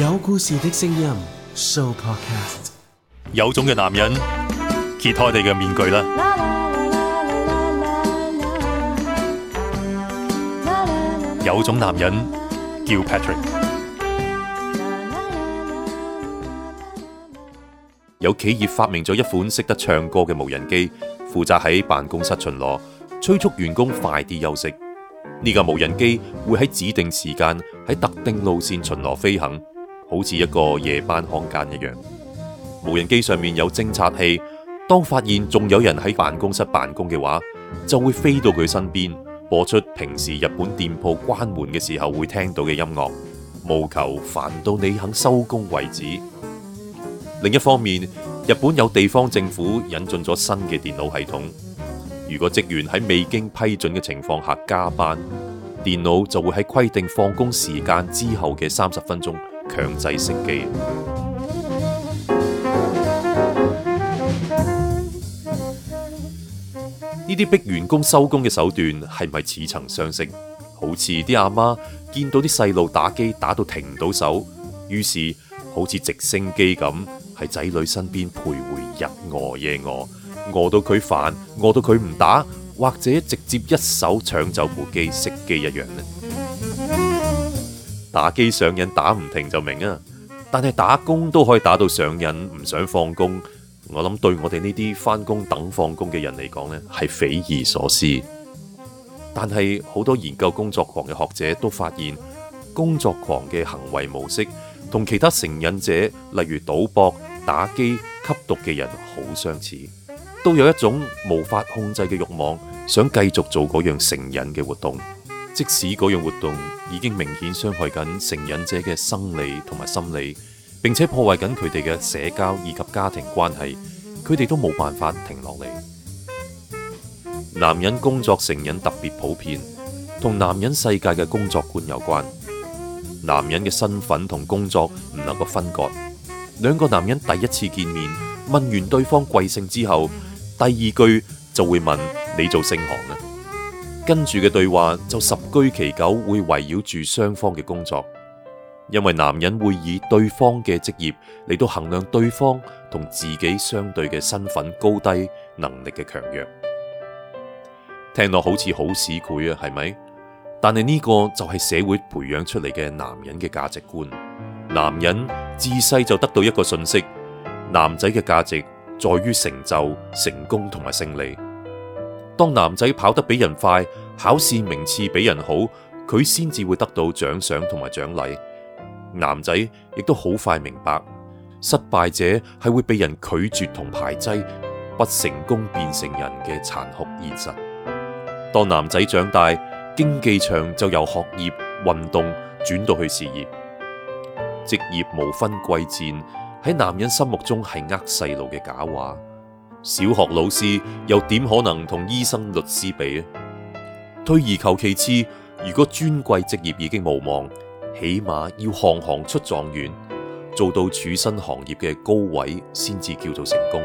有故事的聲音 Show Podcast，有種嘅男人揭開你嘅面具啦！有種男人叫 Patrick。有企業發明咗一款識得唱歌嘅無人機，負責喺辦公室巡邏，催促員工快啲休息。呢、這個無人機會喺指定時間，喺特定路線巡邏飛行。好似一個夜班看更一樣，無人機上面有偵察器，當發現仲有人喺辦公室辦公嘅話，就會飛到佢身邊，播出平時日本店鋪關門嘅時候會聽到嘅音樂，務求煩到你肯收工為止。另一方面，日本有地方政府引進咗新嘅電腦系統，如果職員喺未經批准嘅情況下加班，電腦就會喺規定放工時間之後嘅三十分鐘強制熄機，呢啲逼員工收工嘅手段係咪似曾相識？好似啲阿媽見到啲細路打機打到停唔到手，於是好似直升機咁喺仔女身邊徘徊，日餓夜餓，餓到佢煩，餓到佢唔打，或者直接一手搶走部機熄機一樣咧。打機上癮打唔停就明啊！但係打工都可以打到上癮，唔想放工。我諗對我哋呢啲翻工等放工嘅人嚟講，呢係匪夷所思。但係好多研究工作狂嘅學者都發現，工作狂嘅行為模式同其他成癮者，例如賭博、打機、吸毒嘅人好相似，都有一種無法控制嘅慾望，想繼續做嗰樣成癮嘅活動。即使嗰樣活動已經明顯傷害緊成癮者嘅生理同埋心理，並且破壞緊佢哋嘅社交以及家庭關係，佢哋都冇辦法停落嚟。男人工作成癮特別普遍，同男人世界嘅工作觀有關。男人嘅身份同工作唔能夠分割。兩個男人第一次見面，問完對方貴姓之後，第二句就會問你做盛行啊？跟住嘅對話就十居其九會圍繞住雙方嘅工作，因為男人會以對方嘅職業嚟到衡量對方同自己相對嘅身份高低、能力嘅強弱。聽落好似好市儈啊，係咪？但係呢個就係社會培養出嚟嘅男人嘅價值觀。男人自細就得到一個信息：男仔嘅價值在於成就、成功同埋勝利。當男仔跑得比人快，考試名次比人好，佢先至會得到獎賞同埋獎勵。男仔亦都好快明白，失敗者係會被人拒絕同排擠，不成功變成人嘅殘酷現實。當男仔長大，競技場就由學業、運動轉到去事業，職業無分貴賤，喺男人心目中係呃細路嘅假話。小學老師又點可能同醫生、律師比啊？退而求其次，如果尊貴職業已經無望，起碼要行行出狀元，做到處身行業嘅高位，先至叫做成功。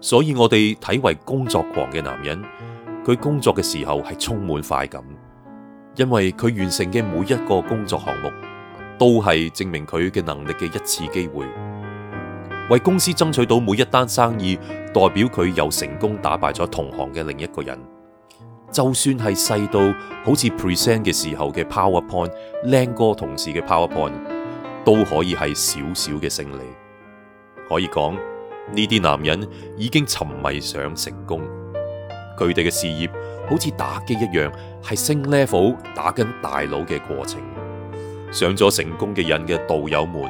所以我哋睇為工作狂嘅男人，佢工作嘅時候係充滿快感，因為佢完成嘅每一個工作項目。都係證明佢嘅能力嘅一次機會，為公司爭取到每一單生意，代表佢又成功打敗咗同行嘅另一個人。就算係細到好似 present 嘅時候嘅 PowerPoint，靚過同事嘅 PowerPoint，都可以係小小嘅勝利。可以講呢啲男人已經沉迷上成功，佢哋嘅事業好似打機一樣，係升 level 打緊大佬嘅過程。上咗成功嘅癮嘅道友們，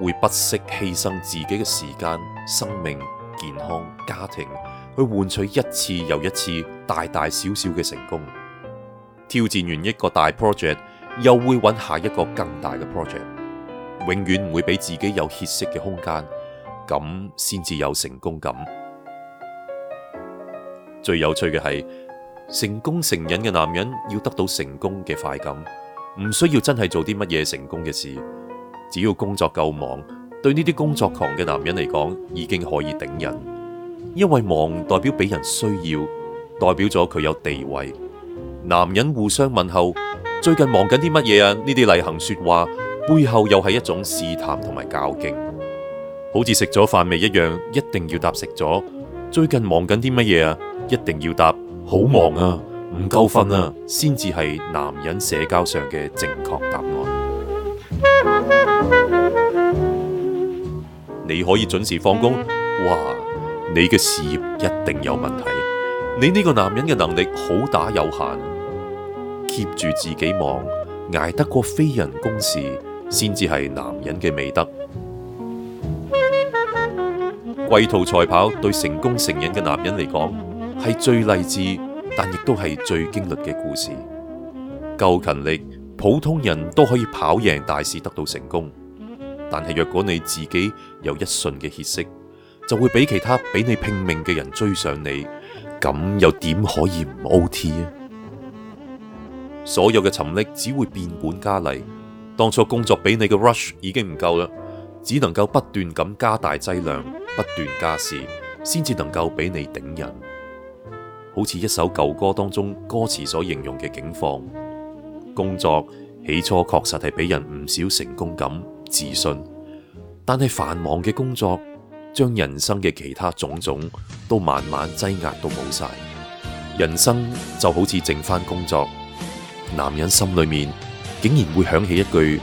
會不惜犧牲自己嘅時間、生命、健康、家庭，去換取一次又一次大大小小嘅成功。挑戰完一個大 project，又會揾下一個更大嘅 project，永遠唔會俾自己有歇息嘅空間，咁先至有成功感。最有趣嘅係，成功成癮嘅男人要得到成功嘅快感。唔需要真係做啲乜嘢成功嘅事，只要工作夠忙，對呢啲工作狂嘅男人嚟講，已經可以頂人。因為忙代表俾人需要，代表咗佢有地位。男人互相問候，最近忙緊啲乜嘢啊？呢啲例行說話背後又係一種試探同埋較勁，好似食咗飯未一樣，一定要答食咗。最近忙緊啲乜嘢啊？一定要答，好忙啊！唔夠瞓啊，先至係男人社交上嘅正確答案。你可以準時放工，哇！你嘅事業一定有問題，你呢個男人嘅能力好打有限。keep 住自己忙，捱得過非人公事，先至係男人嘅美德。龜兔賽跑對成功成癮嘅男人嚟講，係最勵志。但亦都係最經歷嘅故事。夠勤力，普通人都可以跑贏大市，得到成功。但係若果你自己有一瞬嘅歇息，就會俾其他比你拼命嘅人追上你，咁又點可以唔 O T 啊？所有嘅沉溺只會變本加厲，當初工作俾你嘅 rush 已經唔夠啦，只能夠不斷咁加大劑量，不斷加時，先至能夠俾你頂癮。好似一首舊歌當中歌詞所形容嘅境況，工作起初確實係俾人唔少成功感自信，但係繁忙嘅工作將人生嘅其他種種都慢慢擠壓到冇晒，人生就好似剩翻工作，男人心裏面竟然會響起一句：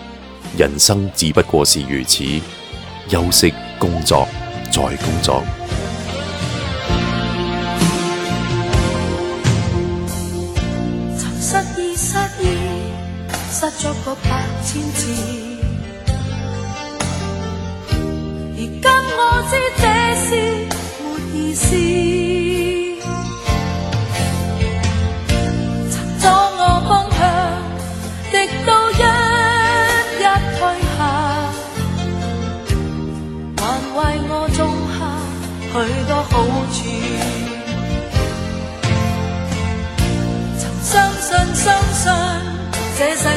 人生只不過是如此，休息工作再工作。失咗過百千字，如今我知這是沒意思。曾阻我方向，嘅都一一退下，還為我種下許多好處。曾相信相信，這世。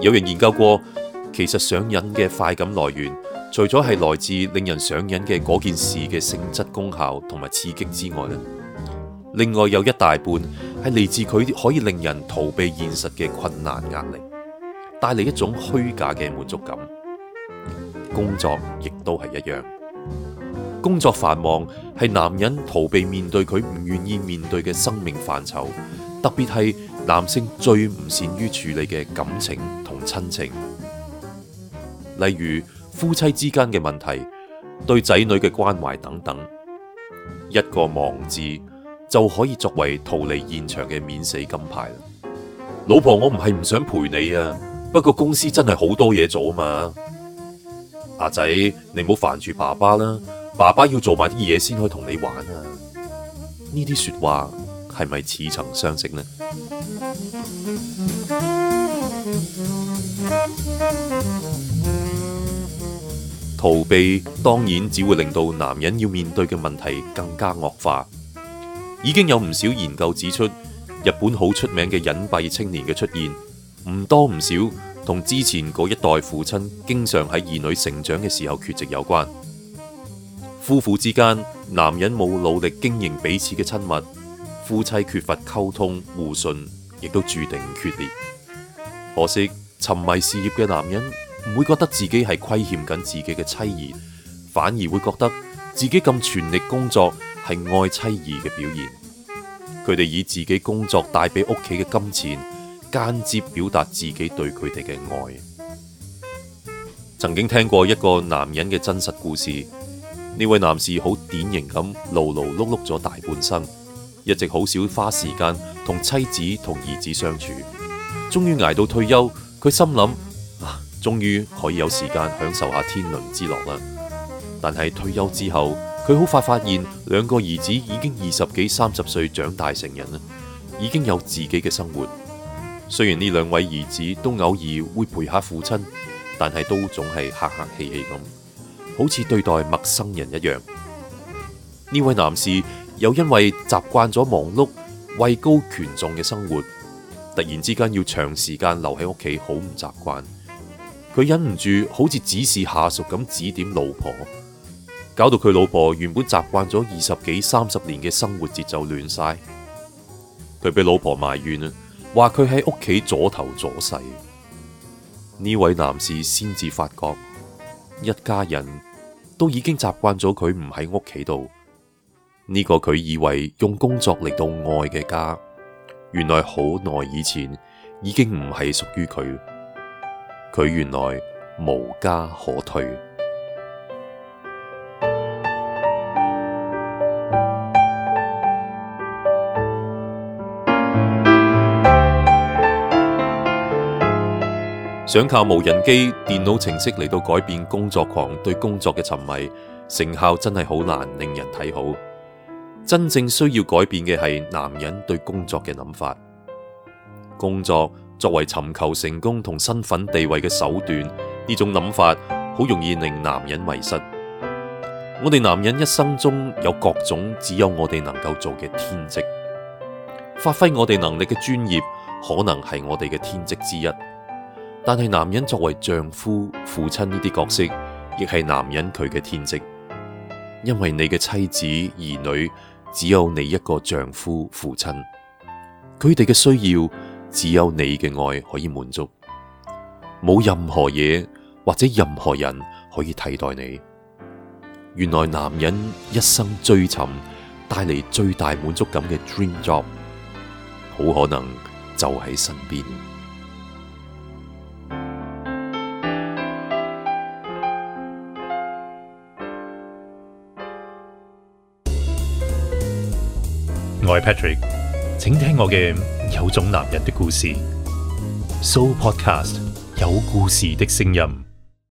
有人研究過，其實上癮嘅快感來源，除咗係來自令人上癮嘅嗰件事嘅性質、功效同埋刺激之外呢，另外有一大半係嚟自佢可以令人逃避現實嘅困難、壓力，帶嚟一種虛假嘅滿足感。工作亦都係一樣，工作繁忙係男人逃避面對佢唔願意面對嘅生命範疇。特別係男性最唔善於處理嘅感情同親情，例如夫妻之間嘅問題、對仔女嘅關懷等等，一個忙字就可以作為逃離現場嘅免死金牌啦。老婆，我唔係唔想陪你啊，不過公司真係好多嘢做啊嘛。阿仔，你唔好煩住爸爸啦啊，爸爸要做埋啲嘢先可以同你玩啊。呢啲說話。係咪似曾相識呢？逃避當然只會令到男人要面對嘅問題更加惡化。已經有唔少研究指出，日本好出名嘅隱蔽青年嘅出現，唔多唔少同之前嗰一代父親經常喺兒女成長嘅時候缺席有關。夫婦之間，男人冇努力經營彼此嘅親密。夫妻缺乏溝通互信，亦都注定決裂。可惜沉迷事業嘅男人唔會覺得自己係虧欠緊自己嘅妻兒，反而會覺得自己咁全力工作係愛妻兒嘅表現。佢哋以自己工作帶俾屋企嘅金錢，間接表達自己對佢哋嘅愛。曾經聽過一個男人嘅真實故事，呢位男士好典型咁勞勞碌碌咗大半生。一直好少花時間同妻子同兒子相處，終於捱到退休，佢心諗啊，終於可以有時間享受下天倫之樂啦。但係退休之後，佢好快發現兩個兒子已經二十幾、三十歲長大成人啦，已經有自己嘅生活。雖然呢兩位兒子都偶爾會陪下父親，但係都總係客客氣氣咁，好似對待陌生人一樣。呢位男士。又因為習慣咗忙碌，位高權重嘅生活，突然之間要長時間留喺屋企，好唔習慣。佢忍唔住，好似指示下屬咁指點老婆，搞到佢老婆原本習慣咗二十幾、三十年嘅生活節奏亂晒。佢俾老婆埋怨啦，話佢喺屋企左頭左勢。呢位男士先至發覺，一家人都已經習慣咗佢唔喺屋企度。呢個佢以為用工作嚟到愛嘅家，原來好耐以前已經唔係屬於佢。佢原來無家可退。想靠無人機、電腦程式嚟到改變工作狂對工作嘅沉迷，成效真係好難令人睇好。真正需要改變嘅係男人對工作嘅諗法。工作作為尋求成功同身份地位嘅手段，呢種諗法好容易令男人迷失。我哋男人一生中有各種只有我哋能夠做嘅天職，發揮我哋能力嘅專業可能係我哋嘅天職之一。但係男人作為丈夫、父親呢啲角色，亦係男人佢嘅天職。因為你嘅妻子、兒女。只有你一個丈夫、父親，佢哋嘅需要只有你嘅愛可以滿足，冇任何嘢，或者任何人可以替代你。原來男人一生追尋帶嚟最大滿足感嘅 dream job，好可能就喺身邊。我係 Patrick，請聽我嘅有種男人的故事。Soul Podcast，有故事的聲音。